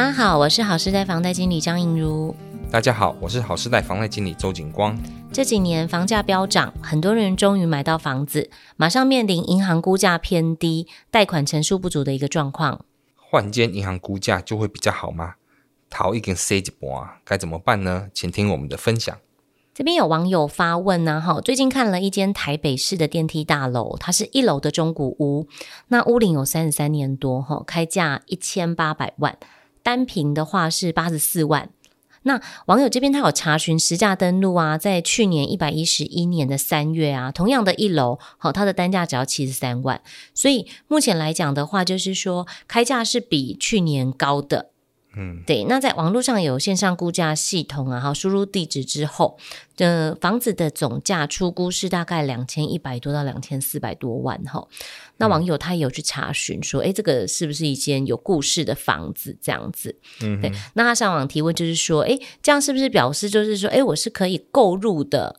大家好，我是好事貸房貸經理張盈如。大家好，我是好事貸房貸經理周景光。這幾年房價飆漲，很多人終於買到房子，馬上面臨銀行估價偏低、貸款成數不足的一個狀況。換間銀行估價就會比較好嗎？逃一跟 C 一波啊，該怎麼辦呢？請聽我們的分享。這邊有網友發問呢、啊，哈，最近看了一間台北市的電梯大樓，它是一樓的中古屋，那屋齡有三十三年多，哈，開價一千八百萬。單平的話是八十四萬，那網友這邊他有查詢實價登錄啊，在去年一百一十一年的三月啊，同樣的一樓，好，它的單價只要七十三萬，所以目前來講的話，就是說開價是比去年高的。嗯，對，那在網絡上有線上估價系統啊，哈，輸入地址之後，的、呃、房子的總價初估是大概兩千一百多到兩千四百多萬哈。那網友他也有去查詢說，哎、嗯，這個是不是一間有故事的房子？這樣子，嗯哼，對。那他上網提問就是說，哎，這樣是不是表示就是說，哎，我是可以購入的，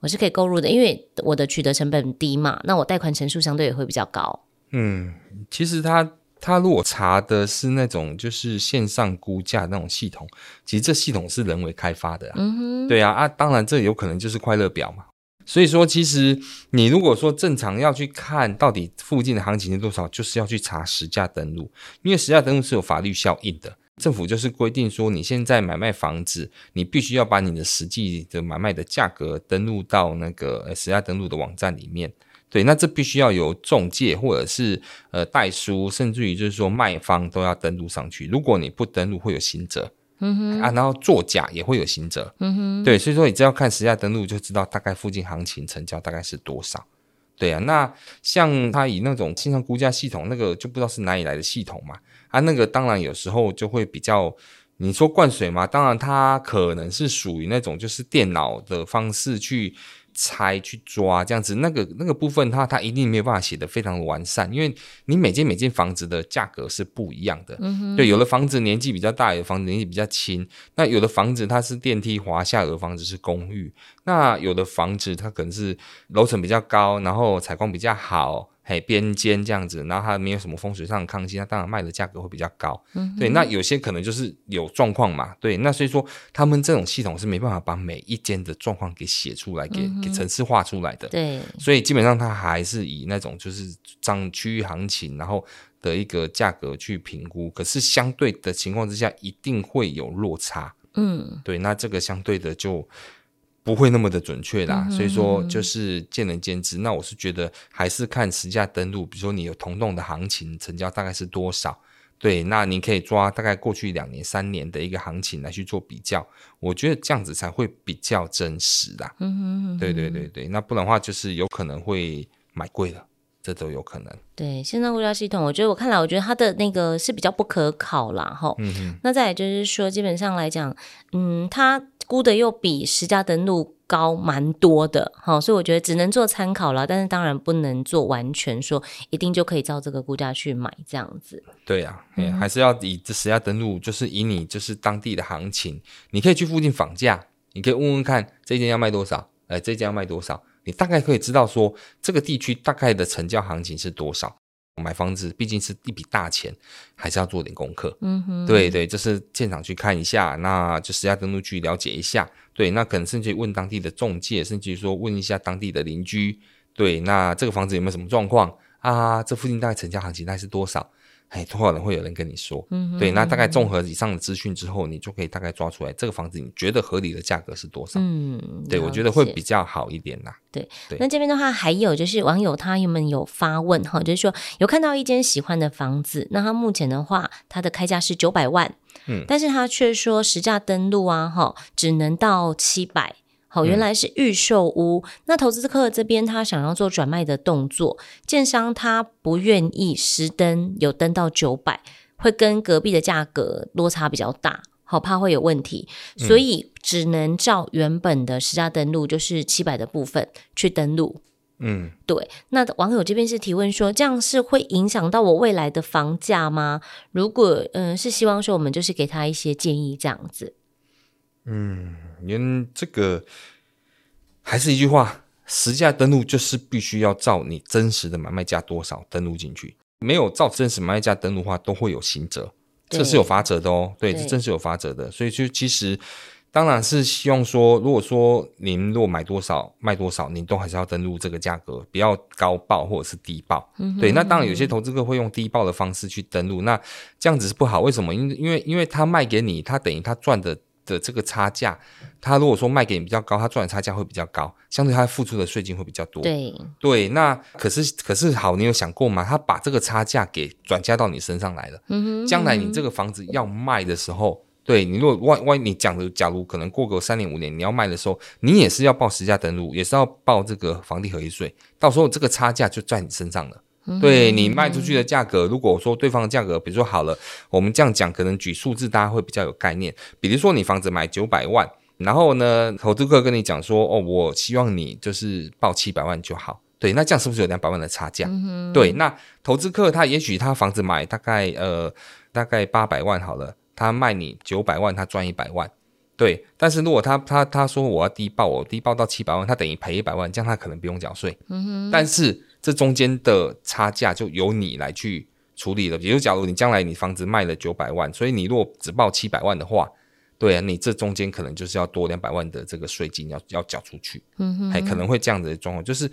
我是可以購入的，因為我的取得成本低嘛，那我貸款成數相對也會比較高。嗯，其實他。他如果查的是那種就是線上估價那種系統，其實這系統是人為開發的啊，嗯哼，對啊啊，當然這有可能就是快樂表嘛。所以說，其實你如果說正常要去看到底附近的行情是多少，就是要去查實價登錄，因為實價登錄是有法律效應的，政府就是規定說你現在買賣房子，你必須要把你的實際的買賣的價格登錄到那個呃實價登錄的網站裡面。對，那這必須要有中介或者是呃代書，甚至於就是說賣方都要登錄上去。如果你不登錄，會有刑責。嗯哼，啊，然後作假也會有刑責。嗯哼，對，所以說你只要看實價登錄，就知道大概附近行情成交大概是多少。對啊，那像他以那種線上估價系統，那個就不知道是哪裡來的系統嘛。啊，那個當然有時候就會比較，你說灌水嘛？當然，它可能是屬於那種就是電腦的方式去。拆去抓這樣子，那個那個部分它，它它一定沒有辦法寫得非常完善，因為你每間每間房子的價格是不一樣的，嗯、哼對，有的房子年紀比較大，有的房子年紀比較輕，那有的房子它是電梯華廈，有的房子是公寓，那有的房子它可能是樓層比較高，然後採光比較好。嘿，邊間這樣子，然後它沒有什麼風水上的抗性，它當然賣的價格會比較高。嗯哼，對，那有些可能就是有狀況嘛，對，那所以說他們這種系統是沒辦法把每一間的狀況給寫出來，嗯、哼給給程式化出來的。嗯、對，所以基本上它還是以那種就是漲區域行情，然後的一個價格去評估，可是相對的情況之下一定會有落差。嗯，對，那這個相對的就。不會那麼的準確啦，嗯、哼哼，所以說就是見仁見智。那我是覺得還是看實價登錄，比如說你有同棟的行情成交大概是多少？對，那你可以抓大概過去兩年、三年的一個行情來去做比較，我覺得這樣子才會比較真實啦。嗯哼，哼，哼，對對對對，那不然的話就是有可能會買貴了。這都有可能。對，線上估價系統，我覺得我看來，我覺得它的那個是比較不可考了哈。吼嗯哼。那再來就是說，基本上來講，嗯，它估的又比實價登錄高蠻多的哈，所以我覺得只能做參考了。但是當然不能做完全說一定就可以照這個估價去買這樣子。對呀，還是要以實價登錄，就是以你就是當地的行情，你可以去附近訪價，你可以問問看這間要賣多少，哎、欸，這間要賣多少。你大概可以知道說，這個地區大概的成交行情是多少？買房子畢竟是一筆大錢，還是要做點功課。嗯哼，對對，就是現場去看一下，那就是要登錄去了解一下。對，那可能甚至問當地的中介，甚至於說問一下當地的鄰居。對，那這個房子有沒有什麼狀況啊？這附近大概成交行情大概是多少？哎，多少人會有人跟你說？嗯哼嗯哼，對，那大概綜合以上的資訊之後，你就可以大概抓出來這個房子你覺得合理的價格是多少？嗯，對我覺得會比較好一點啦。對，對那這邊的話還有就是網友他有沒有發問哈？就是說有看到一間喜歡的房子，那他目前的話，他的開價是九百萬，嗯，但是他卻說實價登錄啊，哈，只能到七百。好，原來是預售屋。嗯、那投資客這邊他想要做轉賣的動作，建商他不願意實登，有登到九百，會跟隔壁的價格落差比較大，好怕會有問題，所以只能照原本的實價登錄，就是七百的部分去登錄。嗯，對。那網友這邊是提問說，這樣是會影響到我未來的房價嗎？如果嗯、呃、是希望說，我們就是給他一些建議，這樣子。嗯，您這個還是一句話，實價登錄就是必須要照你真實的買賣價多少登錄進去，沒有照真實買賣價登錄的話，都會有刑責，這是有罰則的哦。對，對對，這真是有罰則的，所以就其實當然是希望說，如果說您如果買多少賣多少，您都還是要登錄這個價格，不要高報或者是低報。嗯嗯對，那當然有些投資客會用低報的方式去登錄，那這樣子是不好，為什麼？因因為因為他賣給你，他等於他賺的。的這個差價，他如果說賣給你比較高，他賺的差價會比較高，相對他付出的稅金會比較多。對對，那可是可是好，你有想過嗎？他把這個差價給轉嫁到你身上來了。嗯哼。將來你這個房子要賣的時候，嗯哼。對，你如果萬一你講的，假如可能過個三年五年你要賣的時候，你也是要報實價登錄，也是要報這個房地合一稅，到時候這個差價就在你身上了。對，你賣出去的價格，如果說對方的價格，比如說好了，我們這樣講，可能舉數字大家會比較有概念。比如說你房子買九百萬，然後呢，投資客跟你講說，哦，我希望你就是報七百萬就好。對，那這樣是不是有兩百萬的差價？嗯哼。對，那投資客他也許他房子買大概呃大概八百萬好了，他賣你九百萬，他賺一百萬。對，但是如果他他他說我要低報，我低報到七百萬，他等於賠一百萬，這樣他可能不用繳稅。嗯哼。但是。這中間的差價就由你來去處理了。比如，假如你將來你房子賣了九百萬，所以你如果只報七百萬的話，對啊，你這中間可能就是要多兩百萬的這個稅金要要繳出去。嗯哼嗯，還可能會這樣的狀況，就是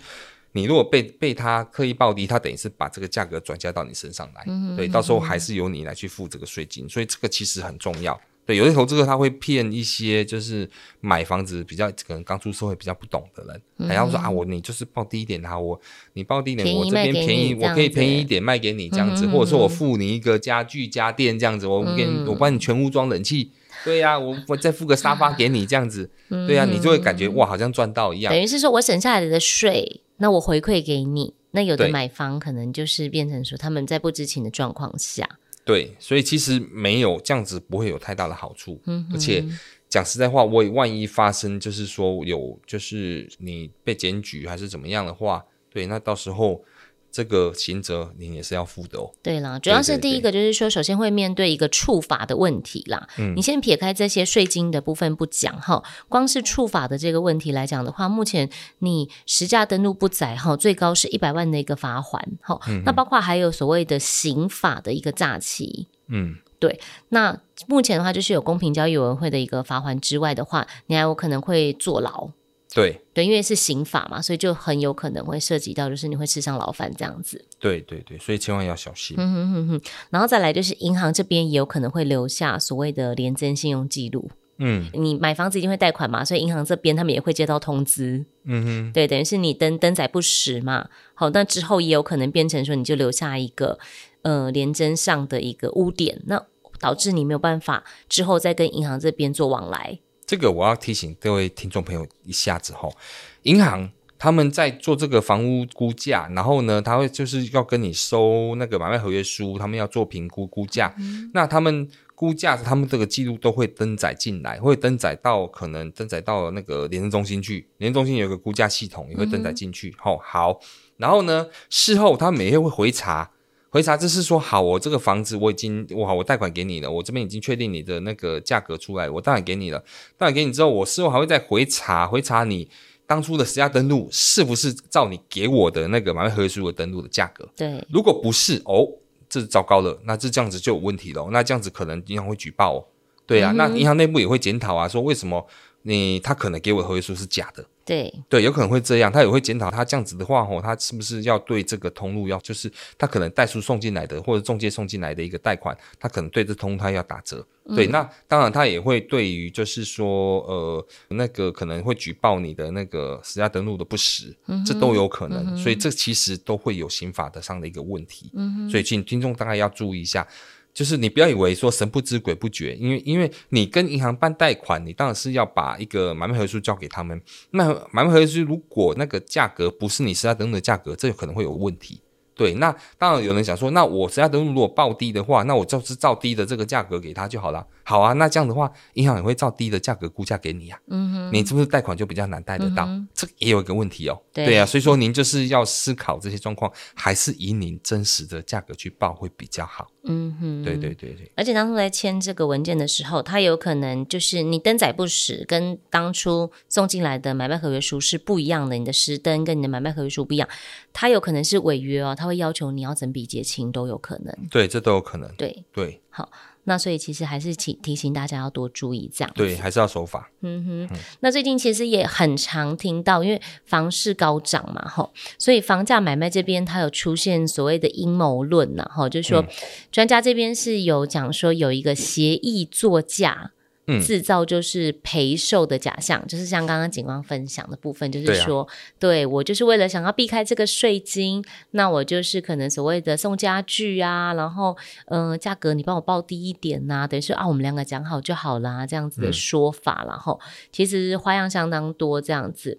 你如果被被他刻意報低，他等於是把這個價格轉嫁到你身上來。嗯哼嗯哼嗯哼，對，到時候還是由你來去付這個稅金，所以這個其實很重要。對，有些投資客他會騙一些，就是買房子比較可能剛出社會比較不懂的人，嗯、還要說啊，我你就是報低一點哈，我你報低一點，我這邊便宜，我可以便宜一點賣給你這樣子，嗯嗯嗯，或者說我付你一個家具家電這樣子，我給你、嗯、我幫你全屋裝冷氣，對呀、啊，我我再付個沙發給你這樣子，對呀、啊，你就會感覺哇，好像賺到一樣。嗯嗯嗯，等於是說我省下來的稅，那我回饋給你，那有的買方可能就是變成說他們在不知情的狀況下。對，所以其實沒有這樣子，不會有太大的好處。嗯哼哼。而且講實在話，我也萬一發生，就是說有，就是你被檢舉還是怎麼樣的話，對，那到時候。這個刑責你也是要負的哦。對啦，主要是第一個就是說，首先會面對一個處罰的問題啦。嗯，你先撇開這些稅金的部分不講哈，嗯，光是處罰的這個問題來講的話，目前你實價登錄不載哈，最高是一百萬的一個罰鍰哈。嗯哼。那包括還有所謂的刑法的一個詐欺。嗯。對，那目前的話就是有公平交易委員會的一個罰鍰之外的話，你還有可能會坐牢。對對，因為是刑法嘛，所以就很有可能會涉及到，就是你會吃上牢飯這樣子。對對對，所以千萬要小心。嗯嗯嗯嗯。然後再來就是銀行這邊也有可能會留下所謂的聯徵信用記錄。嗯，你買房子一定會貸款嘛，所以銀行這邊他們也會接到通知。嗯嗯哼。對，等於是你登登載不實嘛，好，那之後也有可能變成說你就留下一個呃聯徵上的一個污點，那導致你沒有辦法之後再跟銀行這邊做往來。這個我要提醒各位聽眾朋友一下子吼，銀行他們在做這個房屋估價，然後呢，他會就是要跟你收那個買賣合約書，他們要做評估估價，嗯、那他們估價他們這個記錄都會登載進來，會登載到可能登載到那個聯徵中心去，聯徵中心有一個估價系統也會登載進去，嗯、吼好，然後呢，事後他每天會回查。回查就是說，好，我這個房子我已經，我好，我貸款給你了，我這邊已經確定你的那個價格出來了，我貸款給你了，貸款給你之後，我事後還會再回查回查，你當初的實價登錄是不是照你給我的那個買賣合約書的登錄的價格，對，如果不是哦，這糟糕了，那這這樣子就有問題了，那這樣子可能銀行會舉報、哦，對啊，嗯、哼那銀行內部也會檢討啊，說為什麼？你、嗯、他可能給我的合約書是假的，對對，有可能會這樣。他也會檢討，他這樣子的話吼，他是不是要對這個通路要，就是他可能代書送進來的或者中介送進來的一個貸款，他可能對這通他要打折。嗯、對，那當然他也會對於就是說、嗯、呃那個可能會舉報你的那個實價登錄的不實，嗯、哼這都有可能。嗯、哼所以這其實都會有刑法的上的一個問題。嗯、哼所以請聽眾大概要注意一下。就是你不要以為說神不知鬼不覺，因為因為你跟銀行辦貸款，你當然是要把一個買賣合約書交給他們。那買賣合約書如果那個價格不是你實價登錄的價格，這有可能會有問題。對，那當然有人想說，那我實價登錄如果報低的話，那我就是照低的這個價格給他就好了。好啊，那這樣的話，銀行也會照低的價格估價給你呀、啊。嗯哼，你是不是貸款就比較難貸得到？嗯、哼這個也有一個問題哦。對啊,對啊，所以說您就是要思考這些狀況，對還是以您真實的價格去報會比較好。嗯哼，對對對對。而且當初在簽這個文件的時候，它有可能就是你登載不實，跟當初送進來的買賣合約書是不一樣的。你的實登跟你的買賣合約書不一樣，它有可能是違約哦，他會要求你要整筆結清都有可能。對，這都有可能。對對，對好。那所以其實還是請提醒大家要多注意這樣對，還是要守法。嗯哼，嗯那最近其實也很常聽到，因為房市高漲嘛，吼，所以房價買賣這邊它有出現所謂的陰謀論吶，吼，就是說專家這邊是有講說有一個協議作價。製造就是賠售的假象，嗯、就是像剛剛警方分享的部分，就是說，對,、啊、對我就是為了想要避開這個稅金，那我就是可能所謂的送家具啊，然後，嗯、呃，價格你幫我報低一點吶、啊，等於說啊，我們兩個講好就好啦。這樣子的說法，嗯、然後其實花樣相當多，這樣子，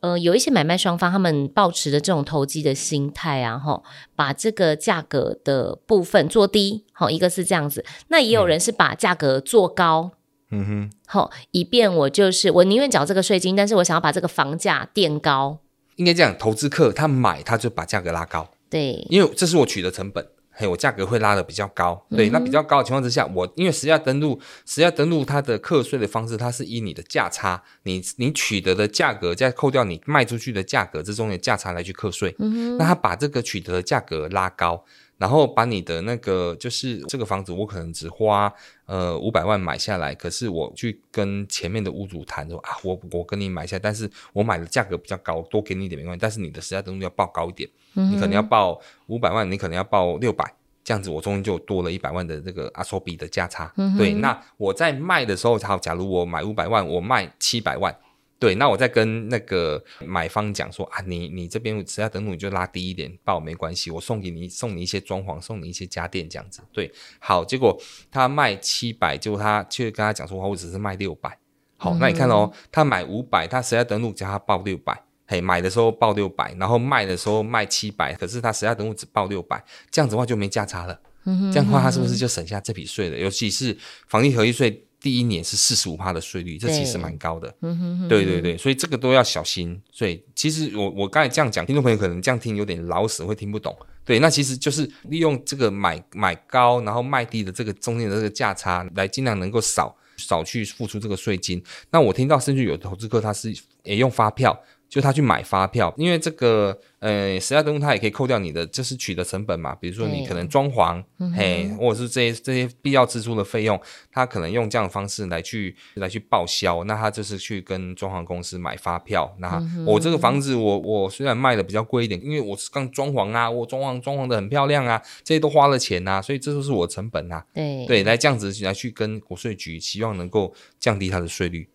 呃，有一些買賣雙方他們抱持着這種投機的心態啊，吼，把這個價格的部分做低，好，一個是這樣子，那也有人是把價格做高。嗯嗯哼，好，以便我就是我寧願繳這個稅金，但是我想要把這個房價墊高。應該這樣，投資客他買他就把價格拉高，對，因為這是我取得成本，嘿，我價格會拉得比較高，對，嗯、哼那比較高的情況之下，我因為實價登錄，實價登錄它的課稅的方式，它是以你的價差，你你取得的價格再扣掉你賣出去的價格之中的價差來去課稅，嗯哼那他把這個取得的價格拉高。然後把你的那個，就是這個房子，我可能只花呃五百萬買下來。可是我去跟前面的屋主談說啊，我我跟你買下，但是我買的價格比較高，多給你一點沒關係。但是你的實登東西要報高一點，你可能要報五百萬，你可能要報六百，這樣子我中間就多了一百萬的這個阿索比的價差。嗯哼。對，那我在賣的時候，好，假如我買五百萬，我賣七百萬。對，那我再跟那個買方講說啊，你你這邊實價登錄你就拉低一點報沒關係，我送給你送你一些裝潢，送你一些家電這樣子。對，好，結果他賣七百，就他去跟他講說，我我只是賣六百。好，那你看哦，他買五百，他實價登錄叫他報六百，嘿，買的時候報六百，然後賣的時候賣七百，可是他實價登錄只報六百，這樣子的話就沒價差了。這樣的話他是不是就省下這筆稅了？尤其是房地合一稅。第一年是四十五趴的稅率，對這其實蠻高的。嗯哼哼，對對對，所以這個都要小心。所以其實我我剛才這樣講，聽眾朋友可能這樣聽有點老死，會聽不懂。對，那其實就是利用這個買買高，然後賣低的這個中間的這個價差，來盡量能夠少少去付出這個稅金。那我聽到甚至有投資客他是也用發票。就他去買發票，因為這個，呃，實價登錄他也可以扣掉你的，就是取得成本嘛。比如說你可能裝潢，嘿，或者是這些這些必要支出的費用，他可能用這樣的方式來去來去報銷。那他就是去跟裝潢公司買發票。那我、嗯哼哦、這個房子我，我我雖然賣的比較貴一點，因為我是剛裝潢啊，我裝潢裝潢的很漂亮啊，這些都花了錢啊，所以這都是我的成本啊。對對，來這樣子來去跟國稅局，希望能夠降低他的稅率。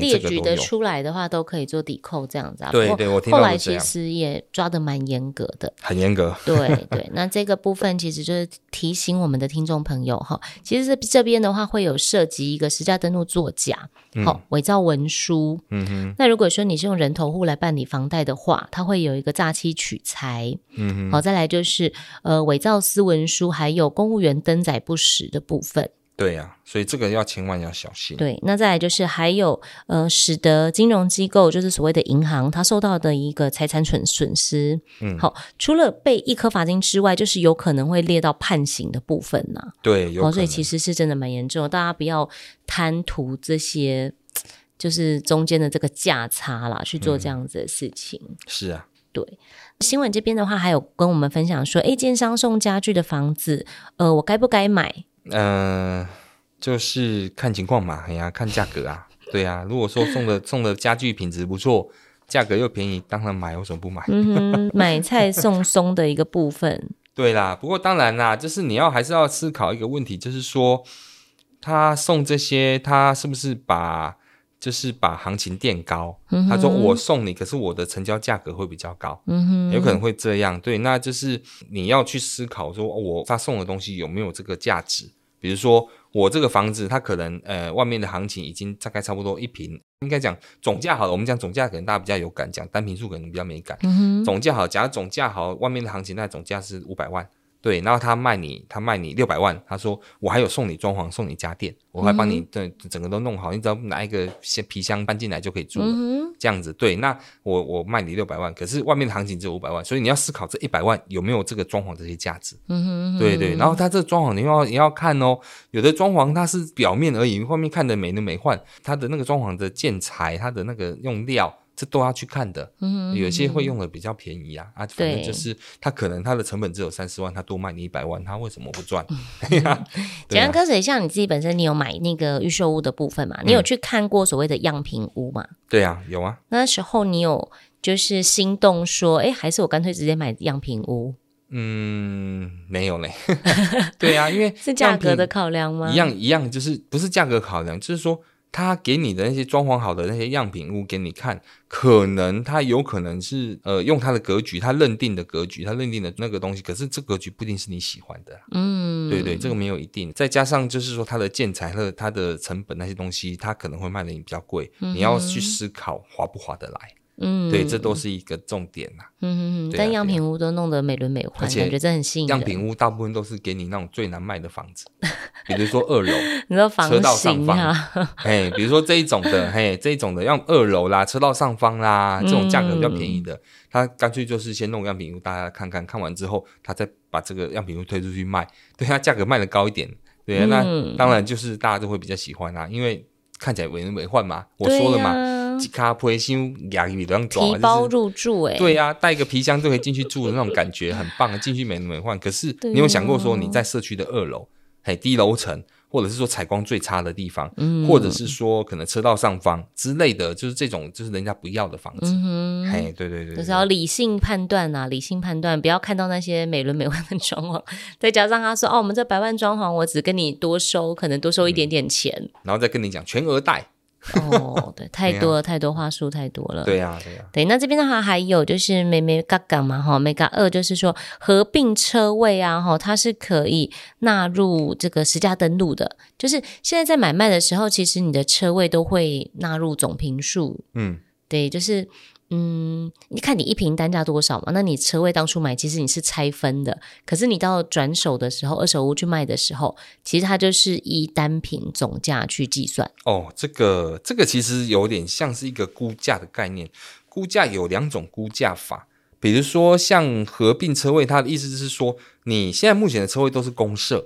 列舉的出來的話，都可以做抵扣這樣。對對，我聽後來其實也抓得蠻嚴格的，很嚴格。 對對，那這個部分其實就是提醒我們的聽眾朋友哈，其實是這邊的話會有涉及一個實價登錄作假，好、嗯、偽造文書，嗯哼。那如果說你是用人頭戶來辦理房貸的話，它會有一個詐欺取財，嗯哼。好，再來就是呃偽造私文書，還有公務員登載不實的部分。對呀、啊，所以這個要千萬要小心。對，那再來就是還有呃，使得金融機構就是所謂的銀行，它受到的一個財產損損失，嗯，好，除了被一科罰金之外，就是有可能會列到判刑的部分吶、啊。對，好、哦，所以其實是真的蠻嚴重的，大家不要貪圖這些就是中間的這個價差啦，嗯、去做這樣子的事情。是啊，對。新聞這邊的話，還有跟我們分享說，哎，建商送家具的房子，呃，我該不該買？嗯、呃，就是看情況嘛，哎呀、啊，看價格啊， 對啊，如果說送的 送的家具品質不錯，價格又便宜，當然買，為什麼不買？嗯哼，買菜送松的一個部分。 對啦，不過當然啦，就是你要還是要思考一個問題，就是說他送這些，他是不是把。就是把行情墊高，他說我送你，嗯、哼可是我的成交價格會比較高，嗯、哼有可能會這樣。對，那就是你要去思考說，說、哦，我發送的東西有沒有這個價值？比如說我這個房子，它可能呃外面的行情已經大概差不多一坪，應該講總價好了，我們講總價可能大家比較有感，講單坪數可能比較沒感。總價好了，假如總價好，外面的行情那總價是五百萬。對，然後他賣你，他賣你六百萬，他說我還有送你裝潢，送你家電，我還幫你對整個都弄好，嗯、哼你只要拿一個皮箱搬進來就可以住了，嗯、哼這樣子。對，那我我賣你六百萬，可是外面的行情只有五百萬，所以你要思考這一百萬有沒有這個裝潢這些價值。嗯哼嗯哼，對對。然後他這個裝潢你要你要看哦，有的裝潢它是表面而已，外面看的美輪美奐，它的那個裝潢的建材，它的那個用料，這都要去看的，嗯,哼嗯哼，有些會用的比較便宜啊，啊，反正就是他可能他的成本只有三十萬，他多賣你一百萬，他為什麼不賺？哎呀、嗯哼，簡單講，像你自己本身，你有買那個預售屋的部分嘛？你有去看過所謂的樣品屋嘛、嗯？對啊，有啊。那時候你有就是心動說，哎，還是我乾脆直接買樣品屋？嗯，沒有嘞。 對啊，因為 是價格的考量嗎？一樣一樣，樣樣就是不是價格考量，就是說。他給你的那些裝潢好的那些樣品屋給你看，可能他有可能是呃用他的格局，他認定的格局，他認定的那個東西，可是這格局不一定是你喜歡的啊，嗯，對對，這個沒有一定。再加上就是說他的建材和他的成本那些東西，他可能會賣的你比較貴，嗯哼，你要去思考划不划得來。嗯，對，這都是一個重點啦、啊、嗯嗯嗯，啊、但樣品屋都弄得美輪美奐，我覺得這很吸引人。樣品屋大部分都是給你那種最難賣的房子， 比如說二樓，你說房、啊、車道上方啊， 嘿，比如說這一種的，嘿，這一種的，要用二樓啦，車道上方啦，這種價格比較便宜的，嗯、他乾脆就是先弄樣品屋，大家看看，看完之後他再把這個樣品屋推出去賣，對、啊，他價格賣得高一點，對、啊，嗯、那當然就是大家都會比較喜歡啊，嗯、因為看起來美輪美奐嘛，我說了嘛。咖啡、新涼都提包入住誒、欸就是、對啊，帶一個皮箱就可以進去住的那種感覺 很棒啊！進去美輪美奐，可是，啊、你有想過說你在社區的二樓、低樓層，或者是說採光最差的地方，嗯、或者是說可能車道上方之類的就是這種就是人家不要的房子？哎、嗯哼，對對對，對，就是要理性判斷吶、啊，理性判斷，不要看到那些美輪美奐的裝潢，再加上他說哦，我們這百萬裝潢我只跟你多收，可能多收一點點錢，嗯、然後再跟你講全額貸。 哦，對，太多了，有太多話術太多了。對呀、啊，對呀、啊。對，那這邊的話還有就是眉角眉角嘛，哈眉角二，就是說合併車位啊，哈，它是可以納入這個實價登錄的。就是現在在買賣的時候，其實你的車位都會納入總坪數。嗯，對，就是。嗯，你看你一坪單價多少嘛？那你車位當初買，其實你是拆分的，可是你到轉手的時候，二手屋去賣的時候，其實它就是依單品總價去計算。哦，這個這個其實有點像是一個估價的概念。估價有兩種估價法，比如說像合併車位，它的意思就是說，你現在目前的車位都是公設。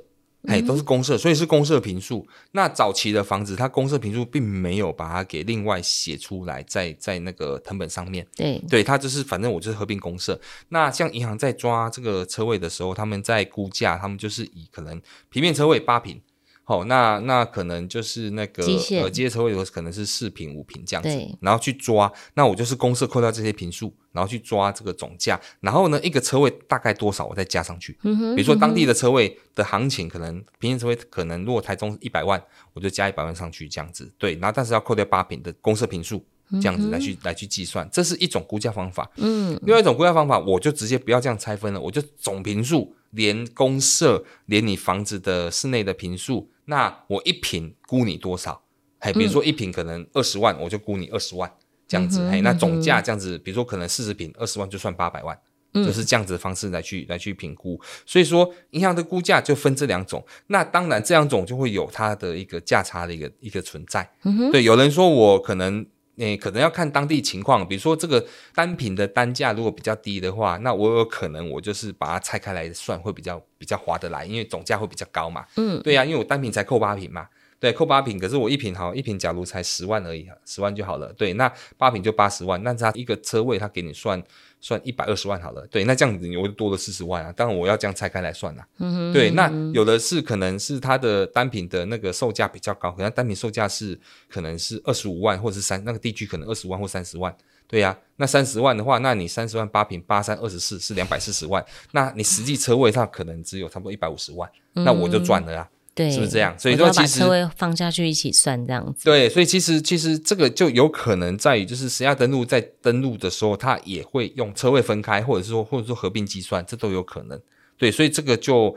哎，都是公設，所以是公設坪數。嗯、那早期的房子，它公設坪數並沒有把它給另外寫出來，在在那個謄本上面。對對，它就是反正我就是合併公設。那像銀行在抓這個車位的時候，他們在估價，他們就是以可能平面車位八坪。好、哦，那那可能就是那個機械呃，這車位有可能是四坪五坪這樣子，對然後去抓。那我就是公設扣掉這些坪數，然後去抓這個總價，然後呢，一個車位大概多少，我再加上去。嗯哼，比如說當地的車位的行情，可能、嗯、哼平均車位可能如果台中一百萬，我就加一百萬上去這樣子。對，那但是要扣掉八坪的公設坪數。這樣子來去、嗯、哼來去計算，這是一種估價方法。嗯，另外一種估價方法，我就直接不要這樣拆分了，我就總坪數，連公設連你房子的室內的坪數。那我一坪估你多少？嘿、嗯、比如說一坪可能二十萬，我就估你二十萬，這樣子。哎、嗯哼，那總價這樣子，比如說可能四十坪二十萬，就算八百萬，就是這樣子的方式來去來去評估。所以說，銀行的估價就分這兩種。那當然，這兩種就會有它的一個價差的一個一個存在。嗯哼對，有人說我可能。你、欸、可能要看當地情況，比如說，這個單坪的單價如果比較低的話，那我有可能，我就是把它拆開來算會比較比較划得來，因為總價會比較高嘛。嗯，對呀、啊，因為我單坪才扣八坪嘛，對、啊，扣八坪，可是我一坪好，一坪假如才十萬而已，十萬就好了，對，那八坪就八十萬，那他一個車位他給你算，算一百二十萬好了，對，那這樣子你會多了四十萬啊。當然我要這樣拆開來算啦，嗯、哼對，那有的是可能是它的單坪的那個售價比較高，可能單坪售價是可能是二十五萬或者是三，那個地區可能二十萬或三十萬，對呀、啊，那三十萬的話，那你三十萬八坪八三二十四是兩百四十萬，嗯、哼那你實際車位上可能只有差不多一百五十萬，嗯、哼那我就賺了啊。對是不是這樣？所以說其實把車位放下去一起算這樣子。對，所以其實其實這個就有可能在於，就是誰要登錄，在登錄的時候，他也會用車位分開，或者是說或者說合併計算，這都有可能。對，所以這個就誒，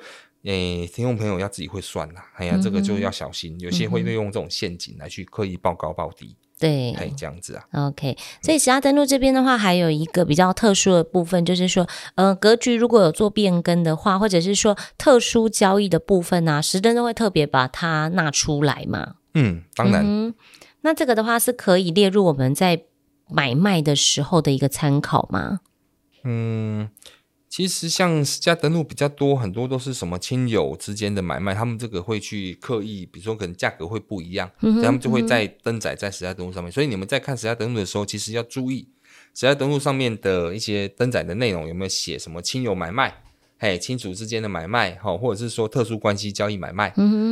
聽眾朋友要自己會算啦、啊。哎呀，這個就要小心，嗯、哼有些會利用這種陷阱來去刻意報高報低。嗯對，可以這樣子啊。OK，所以實價登錄這邊的話，還有一個比較特殊的部分，就是說，呃，格局如果有做變更的話，或者是說特殊交易的部分呢、啊，實登都會特別把它拿出來嘛。嗯，當然、嗯。那這個的話是可以列入我們在買賣的時候的一個參考嗎？嗯。其實像實價登錄比較多，很多都是什麼親友之間的買賣，他們這個會去刻意，比如說可能價格會不一樣，嗯、哼他們就會在登載在實價登錄上面。所以你們在看實價登錄的時候，其實要注意實價登錄上面的一些登載的內容有沒有寫什麼親友買賣，嘿，親屬之間的買賣，哈，或者是說特殊關係交易買賣，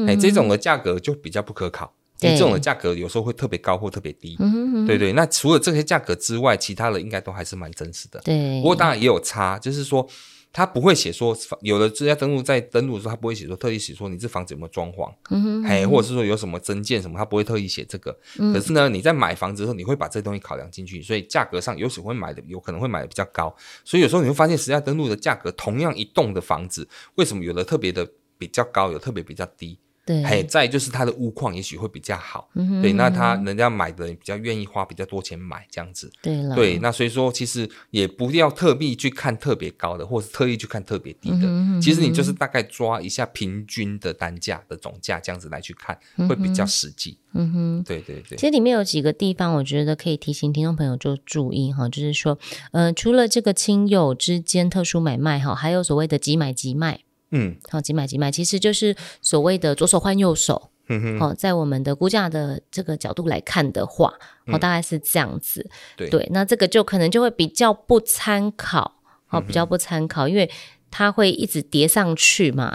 哎，這種的價格就比較不可考，嗯、哼這種的價格有時候會特別高或特別低。嗯哼嗯對對，那除了這些價格之外，其他的應該都還是蠻真實的。對，不過當然也有差，就是說他不會寫說有的實價登錄在登錄的時候，他不會寫說特意寫說你這房子有沒有裝潢，誒嗯嗯或者是說有什麼增建什麼，他不會特意寫這個。可是呢，你在買房子的時候，你會把這東西考量進去，所以價格上有時會買的有可能會買的比較高。所以有時候你會發現，實價登錄的價格，同樣一棟的房子，為什麼有的特別的比較高，有的特別比較低？對嘿，再就是它的物況也許會比較好，嗯哼嗯哼對，那他人家買的人比較願意花比較多錢買這樣子，對，啦對那所以說其實也不必要特別去看特別高的，或是特意去看特別低的，其實你就是大概抓一下平均的單價的總價這樣子來去看，嗯，哼會比較實際，嗯。嗯哼，對對對。其實裡面有幾個地方，我覺得可以提醒聽眾朋友就注意哈，就是說，呃，除了這個親友之間特殊買賣哈，還有所謂的即買即賣急買急賣。嗯，好、哦，幾買幾賣，其實就是所謂的左手換右手。嗯哼、哦，在我們的估價的這個角度來看的話，嗯、哦，大概是這樣子。嗯、對，對，那這個就可能就會比較不參考，哦，嗯、哼比較不參考，因為。它會一直疊上去嘛，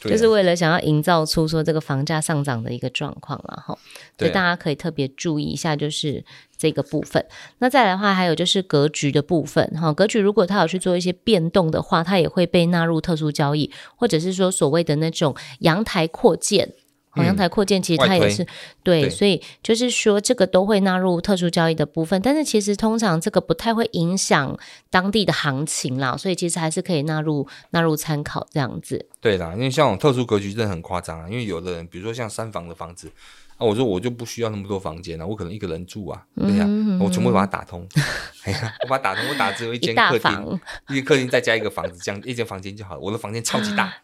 就是為了想要營造出說這個房價上漲的一個狀況了哈。所以大家可以特別注意一下，就是這個部分。那再來的話，還有就是格局的部分哈。格局如果它有去做一些變動的話，它也會被納入特殊交易，或者是說所謂的那種陽台擴建。好陽台擴建，其實它也是、嗯、對，所以就是說，這個都會納入特殊交易的部分。對但是其實通常這個不太會影響當地的行情啦，所以其實還是可以納入納入參考這樣子。對啦，因為像我特殊格局真的很誇張啊！因為有的人，比如說像三房的房子，啊，我說我就不需要那麼多房間了、啊，我可能一個人住啊，對呀、啊，嗯嗯嗯，我全部都把它打通、 哎呀，我把它打通，我打只有一間客廳，一間客廳再加一個房子，這樣一間房間就好了。我的房間超級大，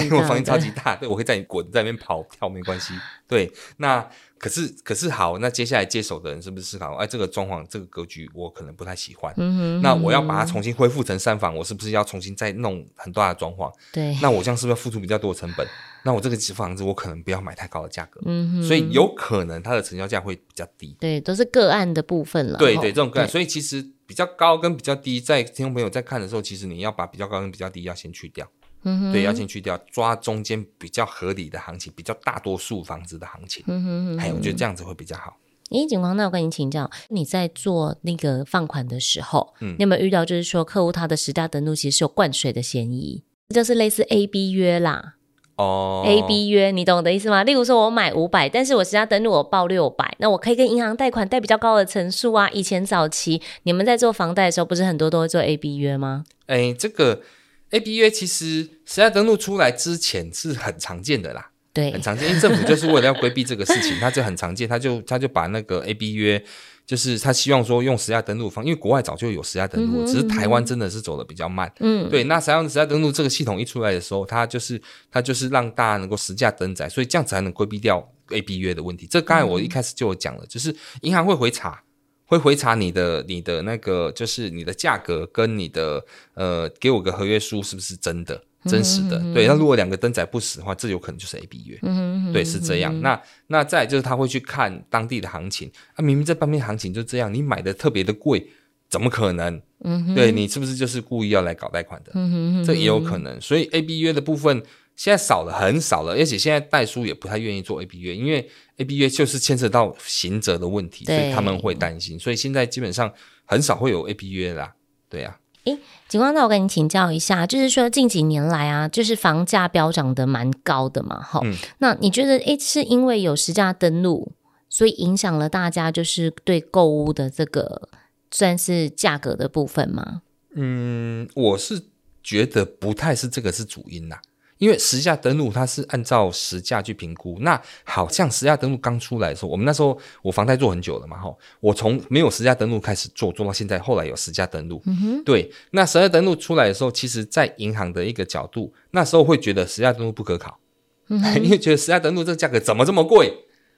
因為 我房間超級大，對，我可以在你滾在那邊跑跳沒關係，對，那。可是，可是好，那接下來接手的人是不是思考，哎，這個裝潢，這個格局，我可能不太喜歡。嗯哼那我要把它重新恢復成三房，我是不是要重新再弄很大的裝潢？對，那我這樣是不是要付出比較多的成本？那我這個房子我可能不要買太高的價格。嗯哼所以有可能它的成交價會比較低。對，都是個案的部分了。對對，對，這種個案，對所以其實比較高跟比較低，在聽眾朋友在看的時候，其實你要把比較高跟比較低要先去掉。嗯，對，要先去掉，抓中間比較合理的行情，比較大多數房子的行情。嗯哼哼，哼，哼，哎，我覺得這樣子會比較好。誒，景光，那我跟你請教，你在做那個放款的時候，嗯，你有沒有遇到就是說客戶他的實價登錄其實是有灌水的嫌疑，就是類似 A B 約啦，哦，A B 約，你懂我的意思嗎？例如說我買五百，但是我實價登錄我報六百，那我可以跟銀行貸款貸比較高的成數啊，以前早期你們在做房貸的時候，不是很多都會做 A B 約嗎？哎，這個。a b 約其實實價登錄出來之前是很常見的啦，對，很常見，因為政府就是為了要規避這個事情， 他就很常見，他就他就把那個 a b 約就是他希望說用實價登錄方，因為國外早就有實價登錄，嗯、哼只是台灣真的是走得比較慢，嗯哼，對。那實際上實價登錄這個系統一出來的時候，它就是它就是讓大家能夠實價登載，所以這樣子才能規避掉 a b 約的問題。這個剛才我一開始就有講了，嗯、哼就是銀行會回查。會回查你的你的那個，就是你的價格跟你的，呃，給我個合約書是不是真的真實的？嗯、哼哼對，那如果兩個登載不死的話，這有可能就是 A B 約，嗯、哼哼哼對，是這樣。嗯、哼哼那那再就是他會去看當地的行情，那、啊、明明這半邊行情就這樣，你買的特別的貴，怎麼可能？嗯、哼對，你是不是就是故意要來搞貸款的？嗯、哼哼哼這也有可能。所以 A B 約的部分，現在少了，很少了，而且現在代書也不太願意做、AP、AB 約，因為、AP、AB 約就是牽涉到刑責的問題，對所以他們會擔心，所以現在基本上很少會有、AP、AB 約啦。對呀、啊，哎、欸，景光，那我跟你請教一下，就是說近幾年來啊，就是房價飆漲的蠻高的嘛，齁，嗯、那你覺得，哎、欸，是因為有實價登錄，所以影響了大家就是對購物的這個算是價格的部分嗎？嗯，我是覺得不太是這個是主因啦、啊。因為實價登錄它是按照實價去評估，那好像實價登錄剛出來的時候，我們那時候我房貸做很久了嘛，哈，我從沒有實價登錄開始做，做到現在，後來有實價登錄，對，那實價登錄出來的時候，其實，在銀行的一個角度，那時候會覺得實價登錄不可靠，因為覺得實價登錄這個價格怎麼這麼貴？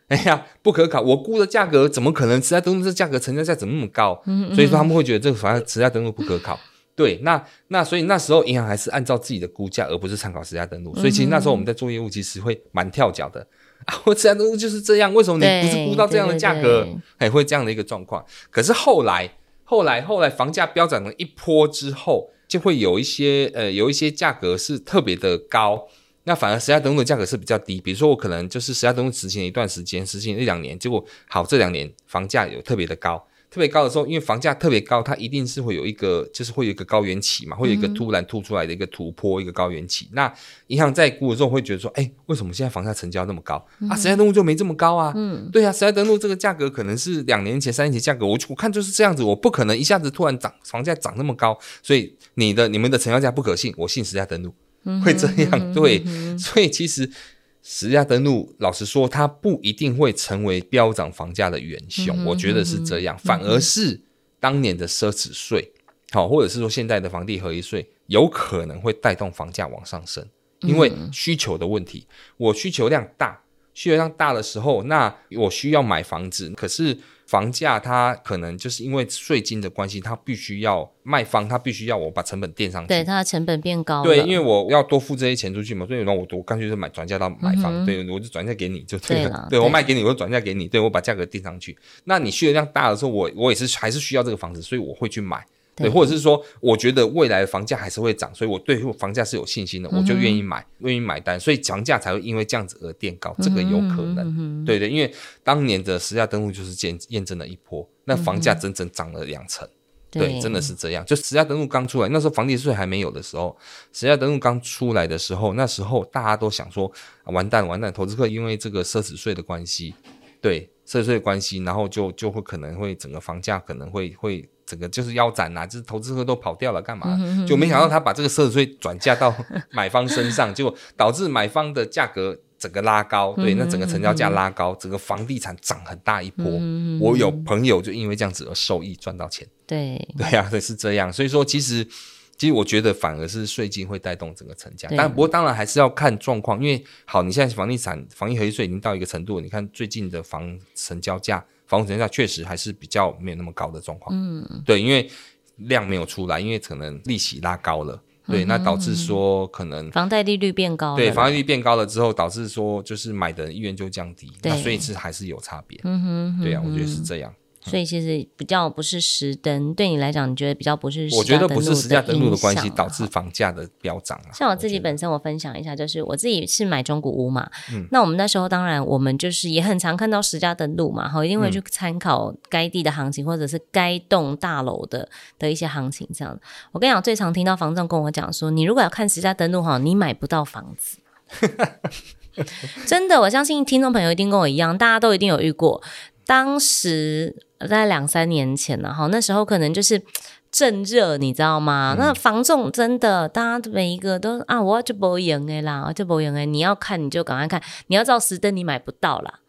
哎呀，不可靠，我估的價格怎麼可能實價登錄這個價格成交價怎麼那麼高？所以說他們會覺得這個反而實價登錄不可靠。對，那那所以那時候銀行還是按照自己的估價，而不是參考實價登錄。嗯、所以其實那時候我們在做業務，其實會蠻跳腳的啊！我實價登錄就是這樣，為什麼你不是估到這樣的價格？還會這樣的一個狀況。可是後來，後來，後來房價飆漲了一波之後，就會有一些呃，有一些價格是特別的高。那反而實價登錄的價格是比較低。比如說我可能就是實價登錄執行了一段時間，執行了一兩年，結果好這兩年房價有特別的高。特別高的時候，因為房價特別高，它一定是會有一個，就是會有一個高原期嘛，會有一個突然突出來的一個陡坡，嗯、哼一個高原期。那銀行在估的時候會覺得說，誒、欸，為什麼現在房價成交那麼高、嗯、哼啊？實價登錄就沒這麼高啊？嗯，對啊，實價登錄這個價格可能是兩年前、三年前價格，我我看就是這樣子，我不可能一下子突然漲，房價漲那麼高，所以你的、你們的成交價不可信，我信實價登錄、嗯、哼會這樣，對，嗯、哼所以其實。實價登錄，老實說，它不一定會成為飆漲房價的元兇，嗯、哼我覺得是這樣，嗯、哼反而是當年的奢侈稅，好、嗯哼，或者是說現在的房地合一稅，有可能會帶動房價往上升，因為需求的問題，嗯、哼我需求量大。需求量大的時候，那我需要買房子，可是房價它可能就是因為稅金的關係，它必須要賣方，它必須要我把成本墊上去，對，它的成本變高，對，因為我要多付這些錢出去嘛，所以那我我乾脆就買轉嫁到買方，嗯、哼對，我就轉嫁給你就對了，對，啦對我賣給你，我就轉嫁給你，對我把價格墊上去。那你需求量大的時候，我我也是還是需要這個房子，所以我會去買。對，或者是說，我覺得未來房價還是會漲，所以我對房價是有信心的，嗯、哼我就願意買，願意買單，所以房價才會因為這樣子而墊高，嗯、哼這個有可能。嗯、哼對對，因為當年的實價登錄就是驗驗證了一波，那房價整整漲了兩成，嗯、哼對，真的是這樣。就實價登錄剛出來那時候，房地稅還沒有的時候，實價登錄剛出來的時候，那時候大家都想說，啊、完蛋完蛋，投資客因為這個奢侈稅的關係。對，涉稅的關係，然後就就會可能會整個房價可能會會整個就是腰斬吶、啊，就是投資客都跑掉了，幹嘛？嗯、哼哼就沒想到他把這個涉稅轉嫁到買方身上，就 導致買方的價格整個拉高，對，嗯、哼哼那整個成交價拉高，整個房地產漲很大一波。嗯、哼哼我有朋友就因為這樣子而受益賺到錢。對，對呀、啊，所以是這樣，所以說其實。其實我覺得反而是稅金會帶動整個成交，啊、但不過當然還是要看狀況，因為好，你現在房地產、房地合一稅已經到一個程度，你看最近的房成交價、房屋成交價確實還是比較沒有那麼高的狀況。嗯，對，因為量沒有出來，因為可能利息拉高了，嗯、對，那導致說可能嗯嗯房貸利率變高，對，房貸利率變高了之後，導致說就是買的意願就降低，對那所以是還是有差別。嗯哼，對啊，我覺得是這樣。所以其實比較不是實登。對你來講，你覺得比較不是實登？啊，我覺得不是實價登錄的關係導致房價的飆漲。啊、像我自己本身，我分享一下，就是我自己是買中古屋嘛。嗯、那我們那時候當然，我們就是也很常看到實價登錄嘛，然後一定會去參考該地的行情，嗯、或者是該棟大樓的的一些行情這樣。我跟你講，最常聽到房仲跟我講說，你如果要看實價登錄哈，你買不到房子。 真的，我相信聽眾朋友一定跟我一樣，大家都一定有遇過。當時在兩三年前然後，那時候可能就是正熱，你知道嗎？嗯、那房仲真的，大家每一個都啊，我要去博贏 A 啦，我就博贏 A，你要看你就趕快看，你要照實登你買不到啦，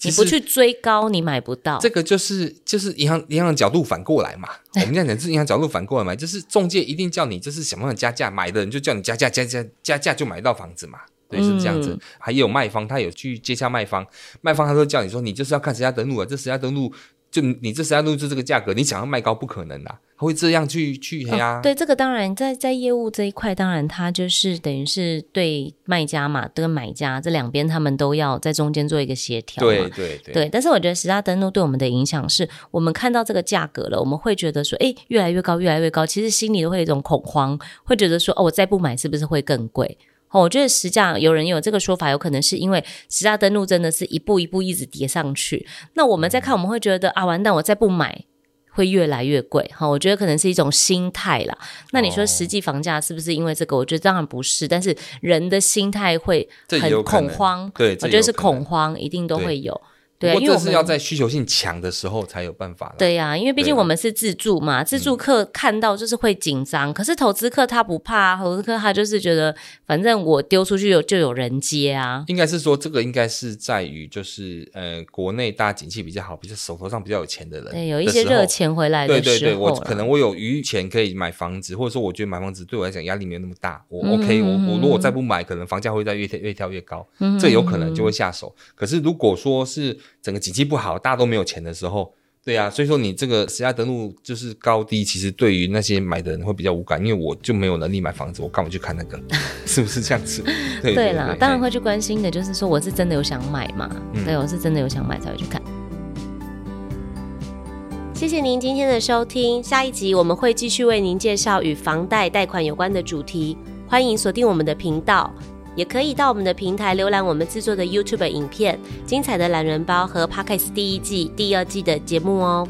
實你不去追高你買不到。這個就是就是銀行銀行的角度反過來嘛， 我們這樣講是銀行的角度反過來嘛，就是中介一定叫你就是想辦法加價買的人就叫你加價加價加價就買到房子嘛。對，是這樣子。還有賣方，他有去接洽賣方，賣方他都叫你說，你就是要看實價登錄啊，這實價登錄，就你這實價登錄就這個價格，你想要賣高不可能的，啊，他會這樣去去呀，啊哦。對，這個當然在在業務這一塊，當然他就是等於是對賣家嘛，跟，這個，買家這兩邊，他們都要在中間做一個協調對。對對對。對，但是我覺得實價登錄對我們的影響是，我們看到這個價格了，我們會覺得說，哎，越來越高，越來越高，其實心裡都會有一種恐慌，會覺得說，哦，我再不買是不是會更貴？哦，我覺得實際上有人有這個說法，有可能是因為實價登錄真的是一步一步一直疊上去。那我們在看，我們會覺得啊，完蛋，我再不買會越來越貴。哈、哦，我覺得可能是一種心態啦。那你說實際房價是不是因為這個？哦、我覺得當然不是，但是人的心態會很恐慌。對，我覺得是恐慌，一定都會有。對，這是要在需求性強的時候才有辦法。對呀、啊，因為畢竟我們是自住嘛，啊、自住客看到就是會緊張，嗯、可是投資客他不怕，投資客他就是覺得反正我丟出去有就有人接啊。應該是說這個應該是在於就是呃國內大景氣比較好，比如手頭上比較有錢的人的，有一些熱錢回來的。對對對，我可能我有餘錢可以買房子，啊、或者說我覺得買房子對我來講壓力沒有那麼大，我 OK，嗯嗯嗯，我我如果再不買，可能房價會再越跳越跳越高，嗯嗯嗯，這有可能就會下手。嗯嗯嗯，可是如果說是整個景氣不好，大家都沒有錢的時候，對啊，所以說你這個實價登錄就是高低，其實對於那些買的人會比較無感，因為我就沒有能力買房子，我幹嘛去看那個？ 是不是這樣子？對了 啦，對，當然會去關心的，就是說我是真的有想買嘛？嗯、對，我是真的有想買才會去看。謝謝您今天的收聽，下一集我們會繼續為您介紹與房貸貸款有關的主題，歡迎鎖定我們的頻道。也可以到我們的平台瀏覽我們製作的 YouTube 影片、精彩的懶人包和 Podcast 第一季、第二季的節目哦。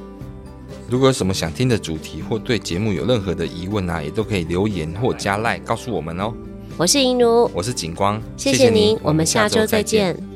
如果有什麼想聽的主題，或對節目有任何的疑問啊，也都可以留言或加賴、like、告訴我們哦。我是銀如，我是景光，謝謝您，謝謝您，我們下周再見。